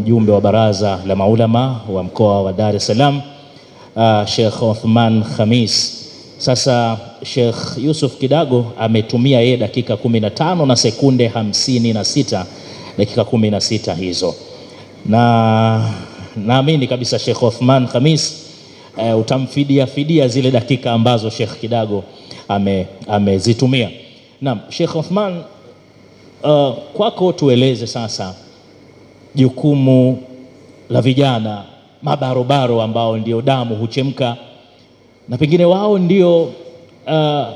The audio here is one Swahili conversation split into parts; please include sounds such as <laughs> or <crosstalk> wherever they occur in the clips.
Mjumbe wa baraza la maulama wa mkoa wa Dar es Salaam uh, Sheikh Othman Khamis. Sasa Sheikh Yusuf Kidago ametumia yeye dakika 15 na sekunde 56, dakika 16 hizo, na naamini kabisa Sheikh Othman Khamis uh, utamfidia fidia zile dakika ambazo Sheikh Kidago amezitumia ame. Naam, Sheikh Othman uh, kwako tueleze sasa jukumu la vijana mabarobaro ambao ndio damu huchemka na pengine wao ndio uh,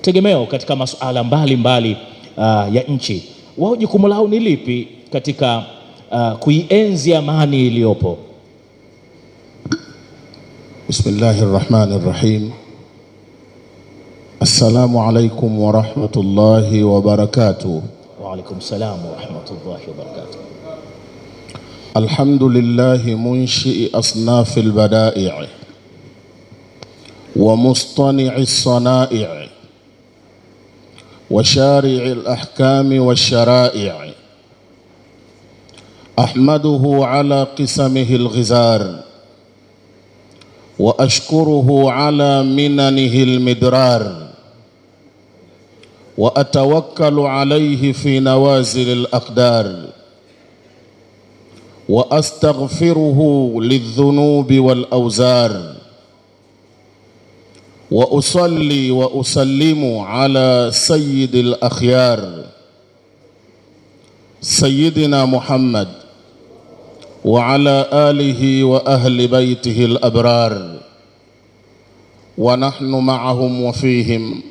tegemeo katika masuala mbalimbali mbali, uh, ya nchi. Wao jukumu lao ni lipi katika uh, kuienzi amani iliyopo? Bismillahir rahmani Rahim. Assalamu alaikum wa rahmatullahi wa barakatuh. Wa salam wa rahmatullahi wa barakatuh. الحمد لله منشئ أصناف البدائع ومصطنع الصنائع وشارع الأحكام والشرائع أحمده على قسمه الغزار وأشكره على مننه المدرار وأتوكل عليه في نوازل الأقدار واستغفره للذنوب والاوزار واصلي واسلم على سيد الاخيار سيدنا محمد وعلى اله واهل بيته الابرار ونحن معهم وفيهم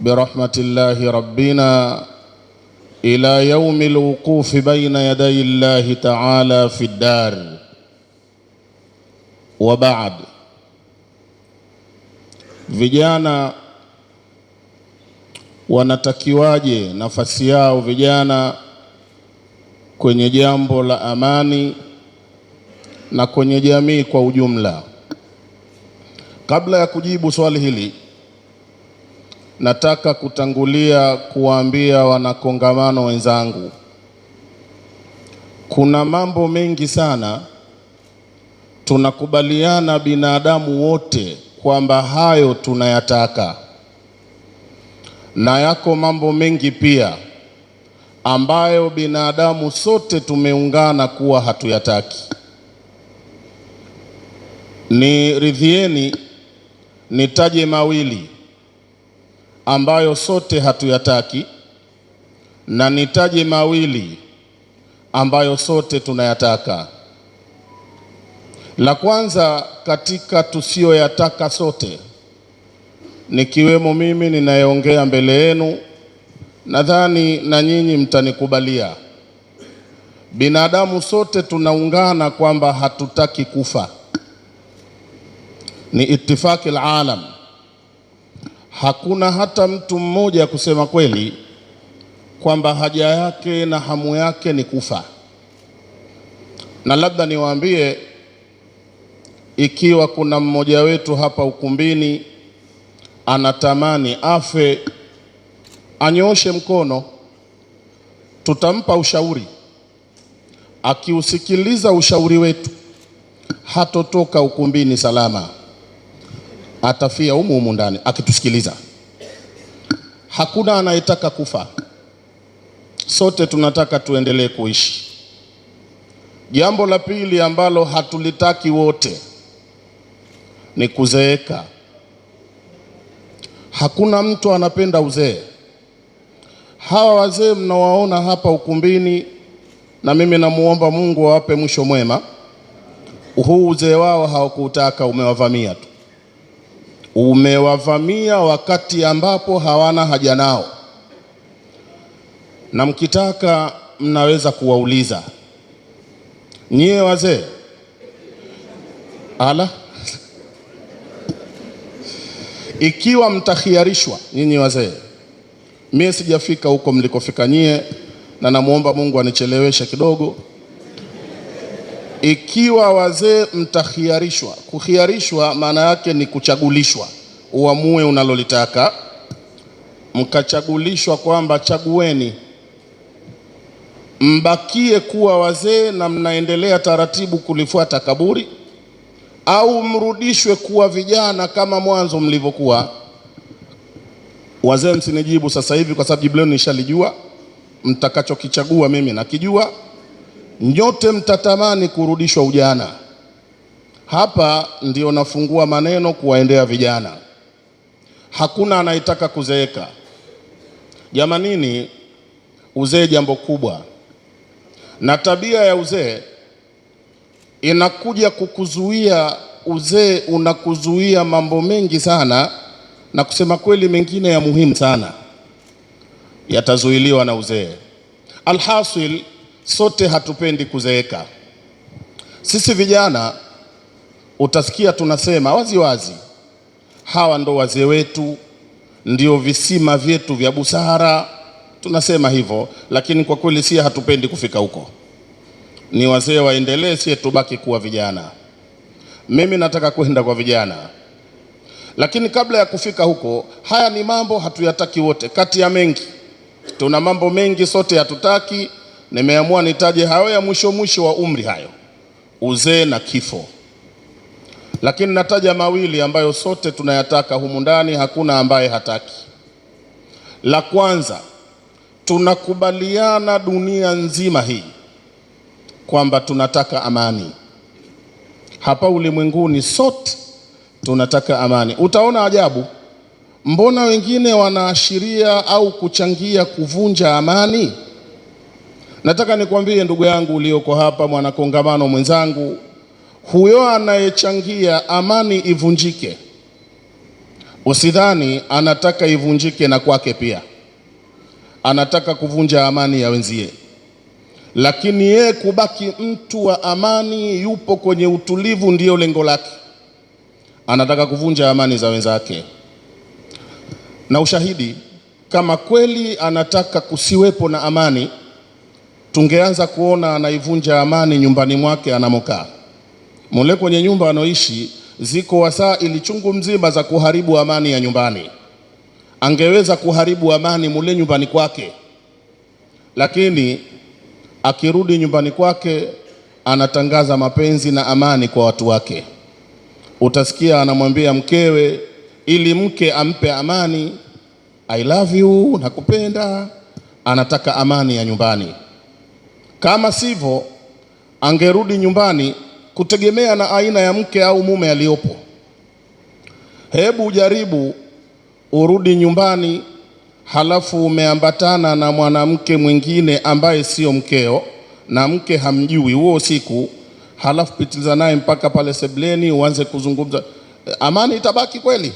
برحمه الله ربنا ila yaumi lwuqufi baina yaday llahi taala fi ddar wa baad. Vijana wanatakiwaje nafasi yao vijana kwenye jambo la amani na kwenye jamii kwa ujumla? Kabla ya kujibu swali hili Nataka kutangulia kuwaambia wanakongamano wenzangu, kuna mambo mengi sana tunakubaliana binadamu wote kwamba hayo tunayataka, na yako mambo mengi pia ambayo binadamu sote tumeungana kuwa hatuyataki. ni ridhieni nitaje mawili ambayo sote hatuyataki na nitaje mawili ambayo sote tunayataka. La kwanza katika tusiyoyataka sote, nikiwemo mimi ninayeongea mbele yenu, nadhani na nyinyi mtanikubalia, binadamu sote tunaungana kwamba hatutaki kufa, ni itifaki alalam Hakuna hata mtu mmoja kusema kweli kwamba haja yake na hamu yake ni kufa. Na labda niwaambie, ikiwa kuna mmoja wetu hapa ukumbini anatamani afe, anyooshe mkono, tutampa ushauri. Akiusikiliza ushauri wetu, hatotoka ukumbini salama atafia humu humu ndani akitusikiliza. Hakuna anayetaka kufa, sote tunataka tuendelee kuishi. Jambo la pili ambalo hatulitaki wote ni kuzeeka. Hakuna mtu anapenda uzee. Hawa wazee mnawaona hapa ukumbini, na mimi namwomba Mungu awape mwisho mwema. Huu uzee wao hawakutaka umewavamia tu umewavamia wakati ambapo hawana haja nao, na mkitaka mnaweza kuwauliza nyie wazee ala <laughs> ikiwa mtakhiarishwa nyinyi wazee, mie sijafika huko mlikofika nyie, na namwomba Mungu anicheleweshe kidogo. Ikiwa wazee mtakhiarishwa, kukhiarishwa maana yake ni kuchagulishwa, uamue unalolitaka, mkachagulishwa kwamba chagueni, mbakie kuwa wazee na mnaendelea taratibu kulifuata kaburi, au mrudishwe kuwa vijana kama mwanzo mlivyokuwa. Wazee msinijibu sasa hivi, kwa sababu jibu lenu nishalijua. Mtakachokichagua mimi nakijua nyote mtatamani kurudishwa ujana. Hapa ndio nafungua maneno kuwaendea vijana. Hakuna anayetaka kuzeeka. Jamanini, uzee jambo kubwa, na tabia ya uzee inakuja kukuzuia. Uzee unakuzuia mambo mengi sana, na kusema kweli, mengine ya muhimu sana yatazuiliwa na uzee. Alhasil, Sote hatupendi kuzeeka. Sisi vijana utasikia tunasema wazi wazi, hawa ndo wazee wetu, ndio visima vyetu vya busara. Tunasema hivyo, lakini kwa kweli si, hatupendi kufika huko. Ni wazee waendelee, sie tubaki kuwa vijana. Mimi nataka kwenda kwa vijana, lakini kabla ya kufika huko, haya ni mambo hatuyataki wote, kati ya mengi. Tuna mambo mengi sote hatutaki nimeamua nitaje hayo ya mwisho mwisho wa umri, hayo uzee na kifo, lakini nataja mawili ambayo sote tunayataka humu ndani, hakuna ambaye hataki. La kwanza, tunakubaliana dunia nzima hii kwamba tunataka amani hapa ulimwenguni, sote tunataka amani. Utaona ajabu, mbona wengine wanaashiria au kuchangia kuvunja amani? Nataka nikwambie ndugu yangu ulioko hapa, mwanakongamano mwenzangu, huyo anayechangia amani ivunjike, usidhani anataka ivunjike na kwake pia, anataka kuvunja amani ya wenzie, lakini yeye kubaki mtu wa amani, yupo kwenye utulivu, ndiyo lengo lake. Anataka kuvunja amani za wenzake, na ushahidi kama kweli anataka kusiwepo na amani tungeanza kuona anaivunja amani nyumbani mwake anamokaa. Mule kwenye nyumba anoishi ziko wasaa ili chungu mzima za kuharibu amani ya nyumbani. Angeweza kuharibu amani mule nyumbani kwake, lakini akirudi nyumbani kwake anatangaza mapenzi na amani kwa watu wake. Utasikia anamwambia mkewe ili mke ampe amani, I love you, nakupenda. Anataka amani ya nyumbani. Kama sivyo, angerudi nyumbani kutegemea na aina ya mke au mume aliyopo. Hebu jaribu urudi nyumbani halafu umeambatana na mwanamke mwingine ambaye sio mkeo na mke hamjui huo siku halafu pitiliza naye mpaka pale sebleni, uanze kuzungumza, amani itabaki kweli?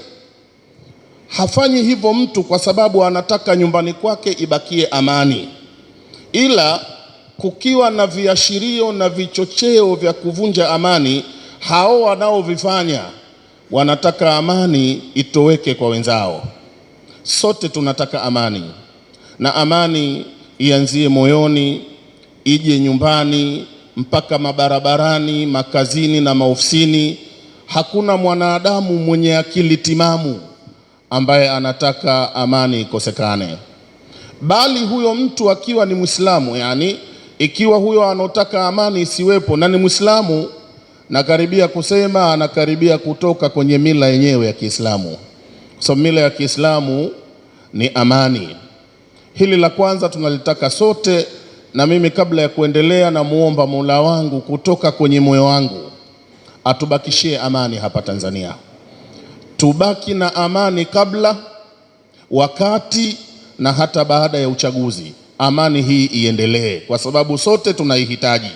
Hafanyi hivyo mtu kwa sababu anataka nyumbani kwake ibakie amani, ila kukiwa na viashirio na vichocheo vya kuvunja amani, hao wanaovifanya wanataka amani itoweke kwa wenzao. Sote tunataka amani, na amani ianzie moyoni, ije nyumbani, mpaka mabarabarani, makazini na maofisini. Hakuna mwanadamu mwenye akili timamu ambaye anataka amani ikosekane, bali huyo mtu akiwa ni Mwislamu yani ikiwa huyo anaotaka amani isiwepo na ni Mwislamu, nakaribia kusema anakaribia kutoka kwenye mila yenyewe ya Kiislamu, kwa sababu mila ya Kiislamu ni amani. Hili la kwanza tunalitaka sote, na mimi kabla ya kuendelea, namuomba Mola wangu kutoka kwenye moyo wangu atubakishie amani hapa Tanzania. Tubaki na amani kabla, wakati na hata baada ya uchaguzi amani hii iendelee, kwa sababu sote tunaihitaji,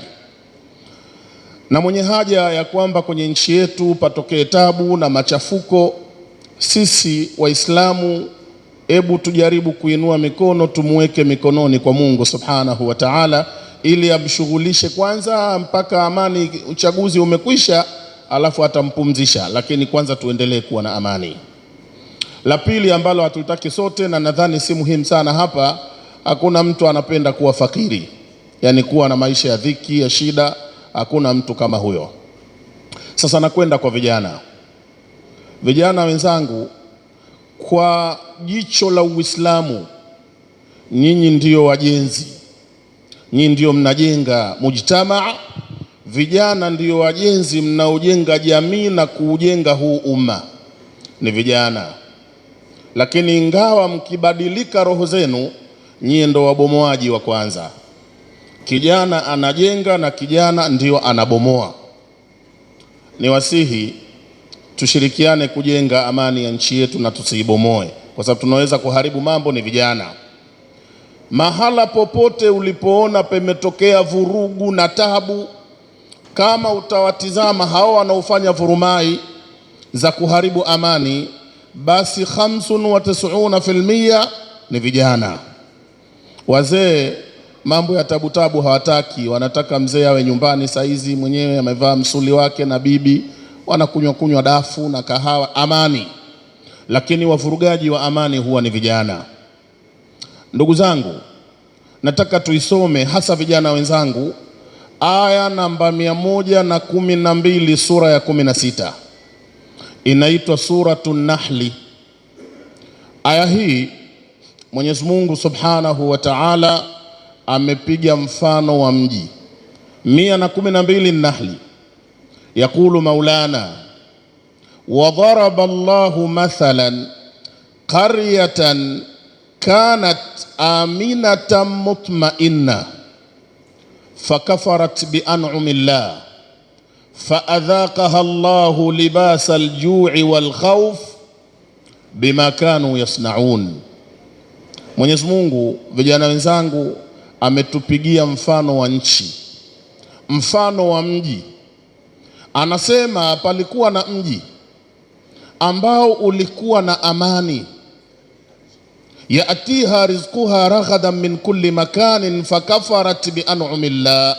na mwenye haja ya kwamba kwenye nchi yetu patokee tabu na machafuko. Sisi Waislamu, hebu tujaribu kuinua mikono, tumweke mikononi kwa Mungu subhanahu wa taala, ili amshughulishe kwanza mpaka amani, uchaguzi umekwisha, alafu atampumzisha, lakini kwanza tuendelee kuwa na amani. La pili ambalo hatutaki sote, na nadhani si muhimu sana hapa Hakuna mtu anapenda kuwa fakiri, yaani kuwa na maisha ya dhiki ya shida, hakuna mtu kama huyo. Sasa nakwenda kwa vijana, vijana wenzangu, kwa jicho la Uislamu, nyinyi ndiyo wajenzi, nyinyi ndiyo mnajenga mujtamaa, vijana ndiyo wajenzi mnaojenga jamii na kuujenga huu umma, ni vijana. Lakini ingawa mkibadilika roho zenu nyie ndo wabomoaji wa kwanza. Kijana anajenga na kijana ndio anabomoa. Niwasihi tushirikiane kujenga amani ya nchi yetu na tusiibomoe, kwa sababu tunaweza kuharibu mambo ni vijana. Mahala popote ulipoona pemetokea vurugu na tabu, kama utawatizama hao wanaofanya vurumai za kuharibu amani, basi 95 ni vijana. Wazee mambo ya tabutabu hawataki, wanataka mzee awe nyumbani saizi mwenyewe amevaa msuli wake na bibi wanakunywa kunywa dafu na kahawa, amani. Lakini wavurugaji wa amani huwa ni vijana. Ndugu zangu, nataka tuisome hasa vijana wenzangu, aya namba mia moja na kumi na mbili sura ya kumi na sita inaitwa suratu Nahli. Aya hii Mwenyezi Mungu Subhanahu wa Ta'ala amepiga mfano wa mji 112 na kumi Nahli, yaqulu Maulana wa daraba Allahu mathalan qaryatan kanat aminatan mutma'inna fakafarat bi bian'ami llah faadhaqaha Allahu libasa al-ju'i wal khawf bima kanu yasnaun Mwenyezi Mungu, vijana wenzangu, ametupigia mfano wa nchi, mfano wa mji. Anasema palikuwa na mji ambao ulikuwa na amani, yatiha rizquha raghadan min kulli makanin fakafarat bian'ami llah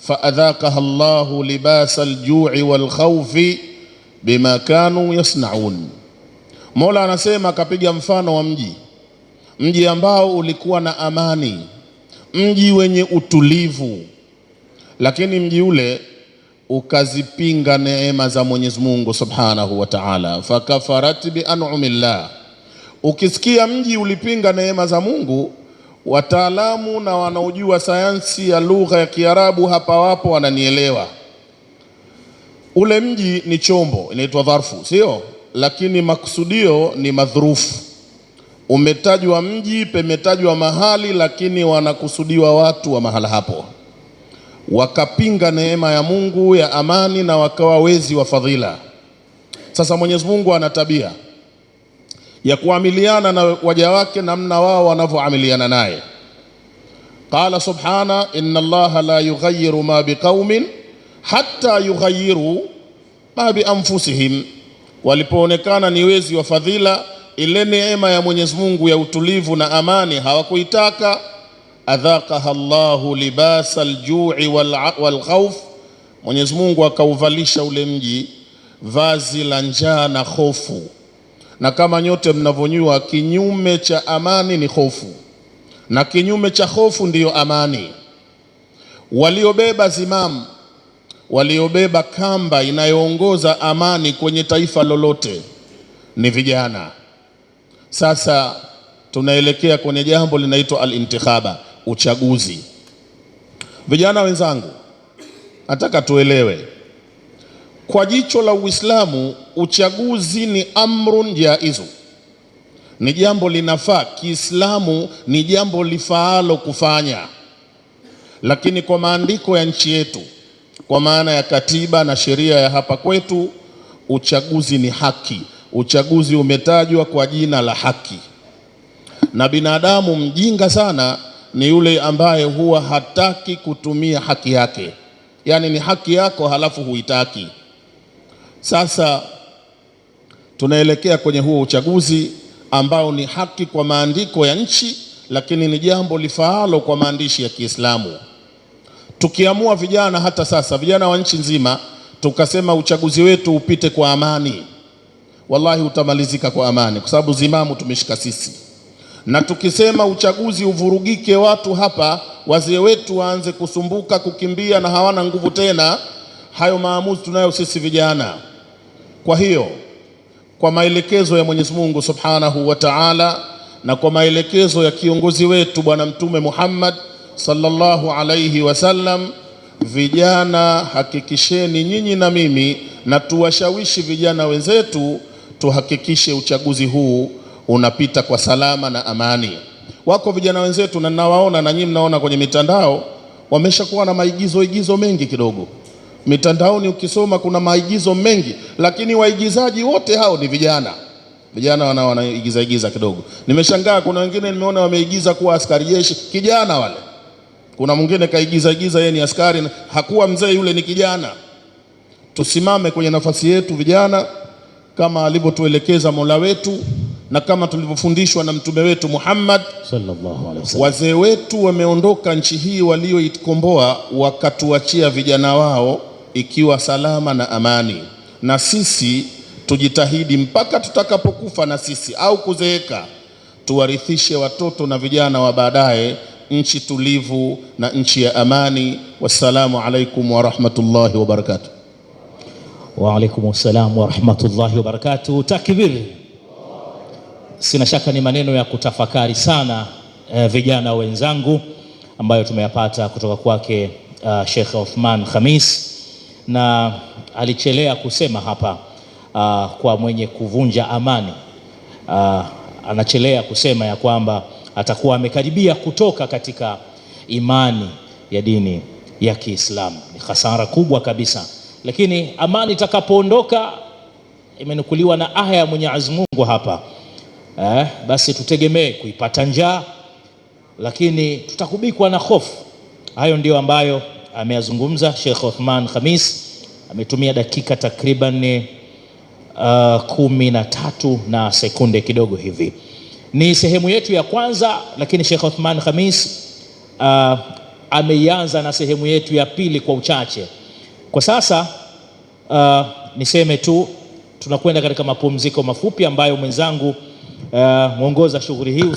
faadhaqaha llahu libasa aljui walkhawfi bima kanu yasnaun. Mola anasema akapiga mfano wa mji mji ambao ulikuwa na amani, mji wenye utulivu, lakini mji ule ukazipinga neema za Mwenyezi Mungu Subhanahu wa Ta'ala, fakafarat bi an'amillah. Ukisikia mji ulipinga neema za Mungu, wataalamu na wanaojua sayansi ya lugha ya Kiarabu hapa wapo, wananielewa. Ule mji ni chombo, inaitwa dharfu, sio lakini, maksudio ni madhurufu umetajwa mji, pemetajwa mahali, lakini wanakusudiwa watu wa mahala hapo, wakapinga neema ya Mungu ya amani na wakawa wezi wa fadhila. Sasa Mwenyezi Mungu ana tabia ya kuamiliana na waja wake namna wao wanavyoamiliana naye. Qala subhana inna allaha la yughayiru ma biqaumin hatta yughayiru ma bianfusihim, walipoonekana ni wezi wa fadhila ile neema ya Mwenyezi Mungu ya utulivu na amani hawakuitaka. Adhaqaha Allahu libasa aljui walkhauf, Mwenyezi Mungu akauvalisha ule mji vazi la njaa na hofu. Na kama nyote mnavyonyua, kinyume cha amani ni hofu, na kinyume cha hofu ndiyo amani. Waliobeba zimamu, waliobeba kamba inayoongoza amani kwenye taifa lolote ni vijana. Sasa tunaelekea kwenye jambo linaitwa al-intikhaba, uchaguzi. Vijana wenzangu, nataka tuelewe kwa jicho la Uislamu, uchaguzi ni amrun jaizu, ni jambo linafaa Kiislamu, ni jambo lifaalo kufanya. Lakini kwa maandiko ya nchi yetu, kwa maana ya katiba na sheria ya hapa kwetu, uchaguzi ni haki uchaguzi umetajwa kwa jina la haki, na binadamu mjinga sana ni yule ambaye huwa hataki kutumia haki yake. Yaani ni haki yako halafu huitaki. Sasa tunaelekea kwenye huo uchaguzi ambao ni haki kwa maandiko ya nchi, lakini ni jambo lifaalo kwa maandishi ya Kiislamu. Tukiamua vijana, hata sasa vijana wa nchi nzima, tukasema uchaguzi wetu upite kwa amani wallahi utamalizika kwa amani, kwa sababu zimamu tumeshika sisi. Na tukisema uchaguzi uvurugike, watu hapa wazee wetu waanze kusumbuka kukimbia na hawana nguvu tena, hayo maamuzi tunayo sisi vijana. Kwa hiyo kwa maelekezo ya Mwenyezi Mungu Subhanahu wa Ta'ala na kwa maelekezo ya kiongozi wetu Bwana Mtume Muhammad sallallahu alayhi wasallam, vijana hakikisheni nyinyi na mimi na tuwashawishi vijana wenzetu tuhakikishe uchaguzi huu unapita kwa salama na amani. Wako vijana wenzetu na ninawaona na nyinyi mnaona kwenye mitandao, wameshakuwa na maigizo igizo mengi kidogo mitandaoni. Ukisoma kuna maigizo mengi, lakini waigizaji wote hao ni vijana vijana, wana wanaigiza igiza kidogo. Nimeshangaa, kuna wengine nimeona wameigiza kuwa askari jeshi, kijana wale. Kuna mwingine kaigiza igiza yeye ni askari, hakuwa mzee, yule ni kijana. Tusimame kwenye nafasi yetu vijana kama alivyotuelekeza Mola wetu na kama tulivyofundishwa na mtume wetu Muhammad sallallahu alaihi wasallam. Wazee wetu wameondoka nchi hii walioikomboa, wakatuachia vijana wao ikiwa salama na amani, na sisi tujitahidi mpaka tutakapokufa na sisi au kuzeeka, tuwarithishe watoto na vijana wa baadaye nchi tulivu na nchi ya amani. Wassalamu alaikum warahmatullahi wabarakatuh. Wa alaikum salam wa rahmatullahi wa barakatuh. Takbir! Sina shaka ni maneno ya kutafakari sana eh, vijana wenzangu, ambayo tumeyapata kutoka kwake uh, Sheikh Othman Khamis, na alichelea kusema hapa uh, kwa mwenye kuvunja amani uh, anachelea kusema ya kwamba atakuwa amekaribia kutoka katika imani ya dini ya Kiislamu. Ni hasara kubwa kabisa lakini amani itakapoondoka, imenukuliwa na aya ya Mwenyezi Mungu hapa eh, basi tutegemee kuipata njaa, lakini tutakubikwa na hofu. Hayo ndiyo ambayo ameyazungumza Sheikh Othman Khamis, ametumia dakika takriban uh, kumi na tatu na sekunde kidogo hivi. Ni sehemu yetu ya kwanza, lakini Sheikh Othman Khamis uh, ameianza na sehemu yetu ya pili kwa uchache. Kwa sasa uh, niseme tu tunakwenda katika mapumziko mafupi ambayo mwenzangu uh, mwongoza shughuli hii